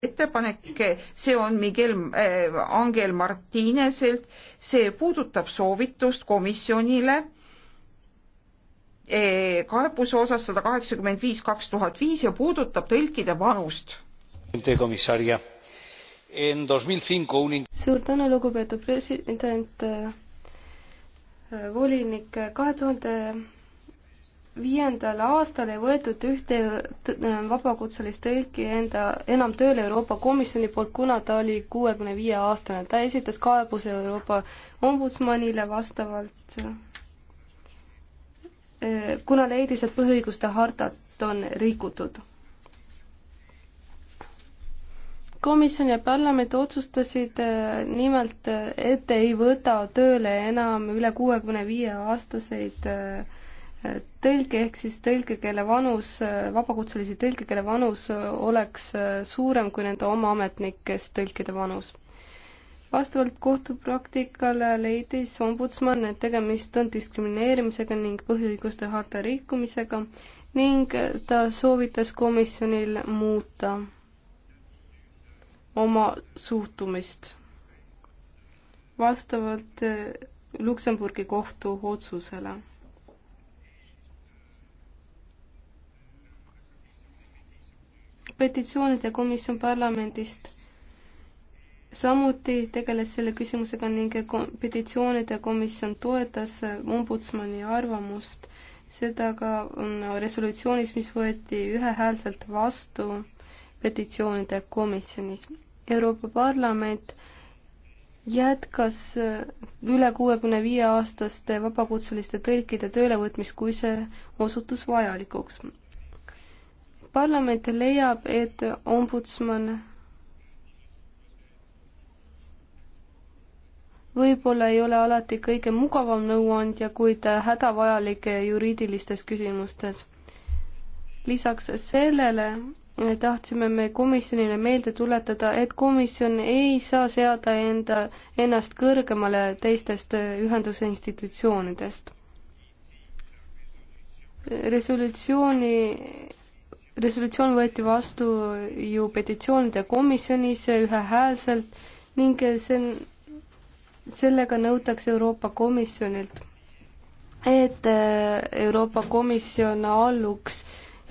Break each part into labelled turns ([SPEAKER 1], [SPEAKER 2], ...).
[SPEAKER 1] ettepanek, see on Miguel äh, Angel Martineselt, see puudutab soovitust komisjonile e, kaebuse osas sada kaheksakümmend viis kaks tuhat viis ja puudutab tõlkide vanust.
[SPEAKER 2] suur tänu, lugupeetud president, äh, äh, volinik, kahe tuhande viiendal aastal ei võetud ühte äh, vabakutselist tõlki enda, enam tööle Euroopa Komisjoni poolt, kuna ta oli kuuekümne viie aastane. ta esitas kaebuse Euroopa ombudsmanile vastavalt, äh, kuna leidis, et põhiõiguste hartat on rikutud. komisjon ja parlament otsustasid äh, nimelt, et ei võta tööle enam üle kuuekümne viie aastaseid äh, tõlge ehk siis tõlge, kelle vanus, vabakutselisi tõlge, kelle vanus oleks suurem kui nende oma ametnikest tõlkide vanus. vastavalt kohtupraktikale leidis ombudsman, et tegemist on diskrimineerimisega ning põhiõiguste harta rikkumisega ning ta soovitas komisjonil muuta oma suhtumist vastavalt Luksemburgi kohtu otsusele petitsioonide komisjon parlamendist samuti tegeles selle küsimusega ning petitsioonide komisjon toetas ombudsmani arvamust, seda ka mm, resolutsioonis, mis võeti ühehäälselt vastu petitsioonide komisjonis. Euroopa Parlament jätkas äh, üle kuuekümne viie aastaste vabakutseliste tõlkide töölevõtmist, kui see osutus vajalikuks parlament leiab, et ombudsman võib-olla ei ole alati kõige mugavam nõuandja, kuid hädavajalik juriidilistes küsimustes. lisaks sellele tahtsime me komisjonile meelde tuletada, et komisjon ei saa seada enda, ennast kõrgemale teistest ühenduse institutsioonidest. resolutsiooni resolutsioon võeti vastu ju petitsioonide komisjonis ühehäälselt ning see, sellega nõutakse Euroopa Komisjonilt, et äh, Euroopa Komisjon alluks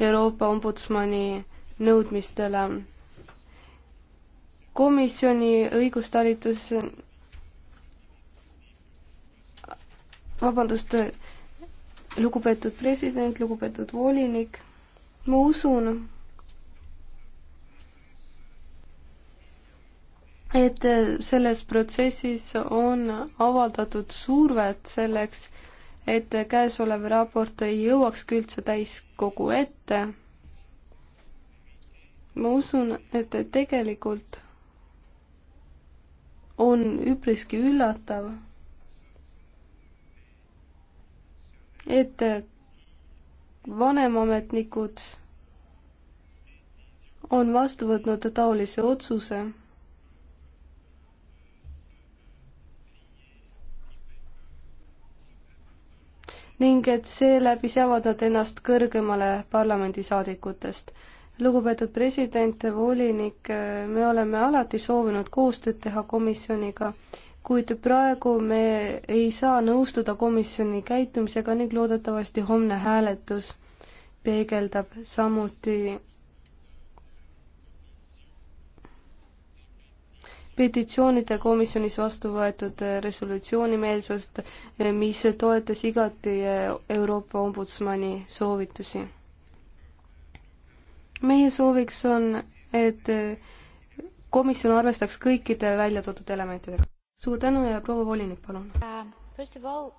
[SPEAKER 2] Euroopa Ombudsmani nõudmistele. komisjoni õigustalitus, vabandust, lugupeetud president, lugupeetud volinik ma usun, et selles protsessis on avaldatud survet selleks, et käesolev raport ei jõuakski üldse täiskogu ette. ma usun, et tegelikult on üpriski üllatav, et vanemametnikud on vastu võtnud taolise otsuse ning et seeläbi seavad nad ennast kõrgemale parlamendisaadikutest. lugupeetud president, volinik, me oleme alati soovinud koostööd teha komisjoniga kuid praegu me ei saa nõustuda komisjoni käitumisega ning loodetavasti homne hääletus peegeldab samuti petitsioonide komisjonis vastu võetud resolutsiooni meelsust, mis toetas igati Euroopa Ombudsmani soovitusi. meie sooviks on, et komisjon arvestaks kõikide välja toodud elementidega suur tänu ja proua volinik, palun
[SPEAKER 1] uh,.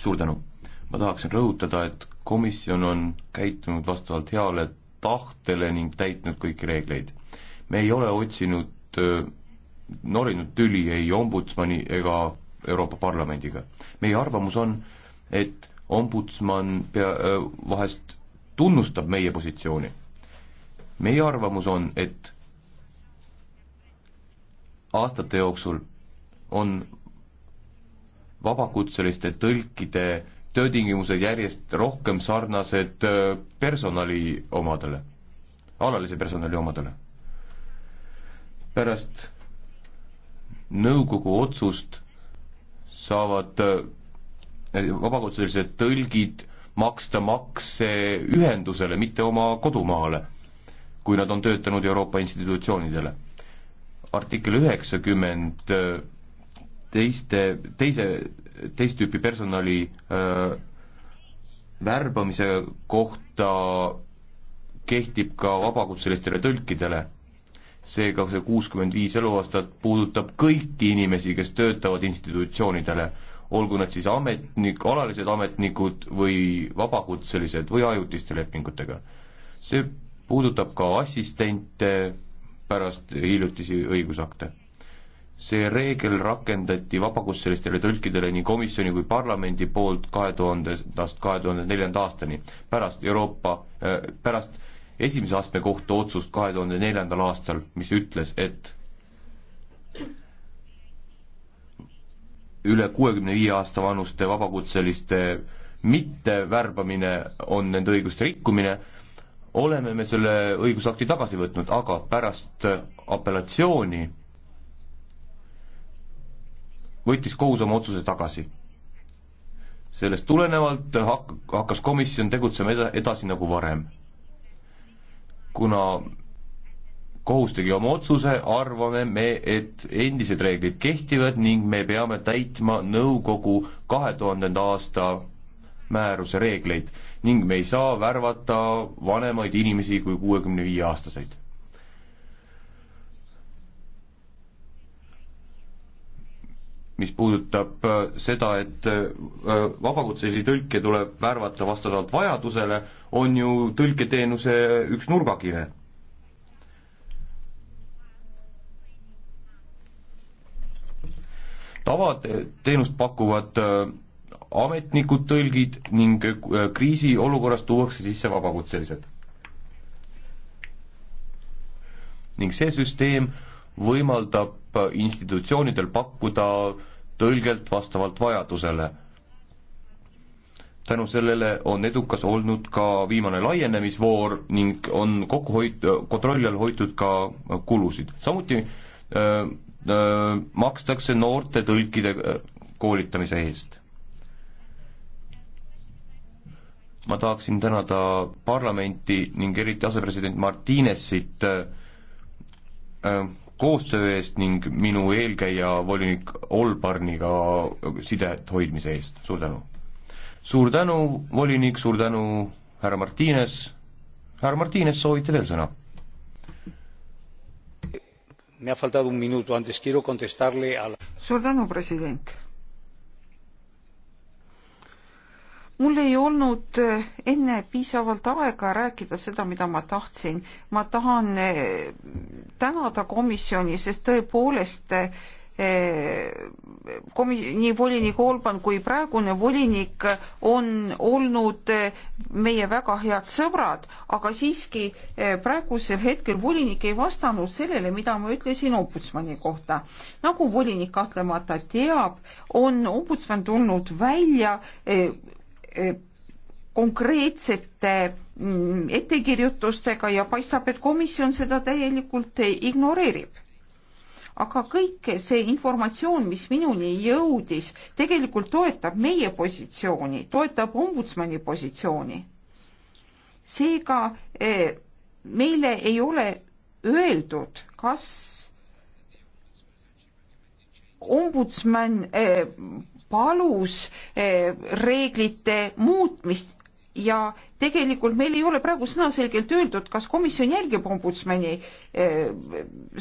[SPEAKER 3] suur tänu. ma tahaksin rõhutada, et komisjon on käitunud vastavalt heale tahtele ning täitnud kõiki reegleid. me ei ole otsinud, norinud tüli ei ombudsmani ega Euroopa Parlamendiga. meie arvamus on, et ombudsman pea, vahest tunnustab meie positsiooni. meie arvamus on, et aastate jooksul on vabakutseliste tõlkide töötingimused järjest rohkem sarnased äh, personali omadele, alalise personali omadele. pärast nõukogu otsust saavad äh, vabakutselised tõlgid maksta makse ühendusele, mitte oma kodumaale, kui nad on töötanud Euroopa institutsioonidele artikkel üheksakümmend äh, teiste, teise, teist tüüpi personali öö, äh, värbamise kohta kehtib ka vabakutselistele tõlkidele. seega see kuuskümmend viis eluaastat puudutab kõiki inimesi, kes töötavad institutsioonidele, olgu nad siis ametnik, alalised ametnikud või vabakutselised või ajutiste lepingutega. see puudutab ka assistente, pärast hiljutisi õigusakte. see reegel rakendati vabakutselistele tõlkidele nii komisjoni kui parlamendi poolt kahe tuhandendast kahe tuhande neljanda aastani, pärast Euroopa, äh, pärast esimese astme kohtu otsust kahe tuhande neljandal aastal, mis ütles, et üle kuuekümne viie aasta vanuste vabakutseliste mittevärbamine on nende õiguste rikkumine oleme me selle õigusakti tagasi võtnud, aga pärast äh, apellatsiooni võttis kohus oma otsuse tagasi. sellest tulenevalt hak-, hakkas komisjon tegutsema eda-, edasi nagu varem. kuna kohus tegi oma otsuse, arvame me, et endised reeglid kehtivad ning me peame täitma nõukogu kahe tuhandenda aasta määruse reegleid ning me ei saa värvata vanemaid inimesi kui kuuekümne viie aastaseid. mis puudutab äh, seda, et äh, vabakutselisi tõlke tuleb värvata vastavalt vajadusele, on ju tõlketeenuse üks nurgakive tavateenust pakuvad äh, ametnikud, tõlgid ning äh, kriisiolukorras tuuakse sisse vabakutselised. ning see süsteem võimaldab äh, institutsioonidel pakkuda tõlgelt vastavalt vajadusele. tänu sellele on edukas olnud ka viimane laienemisvoor ning on kokkuhoid, kontrolli all hoitud ka äh, kulusid, samuti öö, öö, makstakse noorte tõlkide koolitamise eest ma tahaksin tänada parlamenti ning eriti asepresident Martinesit äh, koostöö eest ning minu eelkäija volinik Olbarniga sidet hoidmise eest, suur tänu. suur tänu, volinik, suur tänu, härra Martines, härra Martines, soovite veel sõna?
[SPEAKER 1] suur tänu, president mul ei olnud äh, enne piisavalt aega rääkida seda, mida ma tahtsin. ma tahan äh, tänada komisjoni, sest tõepoolest äh, komi-, nii volinik Olban kui praegune volinik on olnud meie väga head sõbrad, aga siiski praegusel hetkel volinik ei vastanud sellele, mida ma ütlesin ombudsmani kohta. nagu volinik kahtlemata teab, on ombudsman tulnud välja Eh, konkreetsete mm, ettekirjutustega ja paistab, et komisjon seda täielikult ignoreerib. aga kõik see informatsioon, mis minuni jõudis, tegelikult toetab meie positsiooni, toetab ombudsmani positsiooni. seega eh, meile ei ole öeldud, kas ombudsman eh, palus eh, reeglite muutmist ja tegelikult meil ei ole praegu sõnaselgelt öeldud, kas komisjon jälgib ombudsmani eh,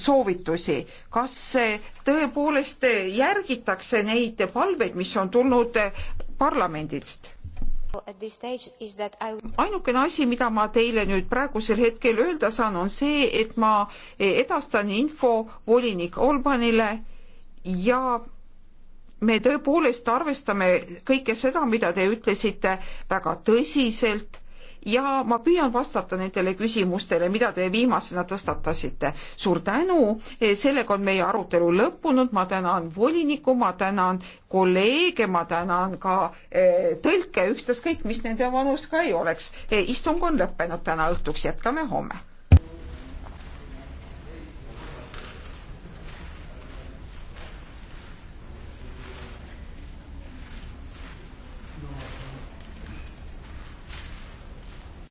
[SPEAKER 1] soovitusi, kas eh, tõepoolest järgitakse neid palveid, mis on tulnud parlamendist. ainukene asi, mida ma teile nüüd praegusel hetkel öelda saan, on see, et ma edastan info volinik Olbanile ja me tõepoolest arvestame kõike seda, mida te ütlesite väga tõsiselt ja ma püüan vastata nendele küsimustele, mida te viimasena tõstatasite. suur tänu, sellega on meie arutelu lõppunud, ma tänan volinikku, ma tänan kolleege, ma tänan ka eh, tõlke, ükstaskõik, mis nende vanus ka ei oleks. Eh, istung on lõppenud täna õhtuks, jätkame homme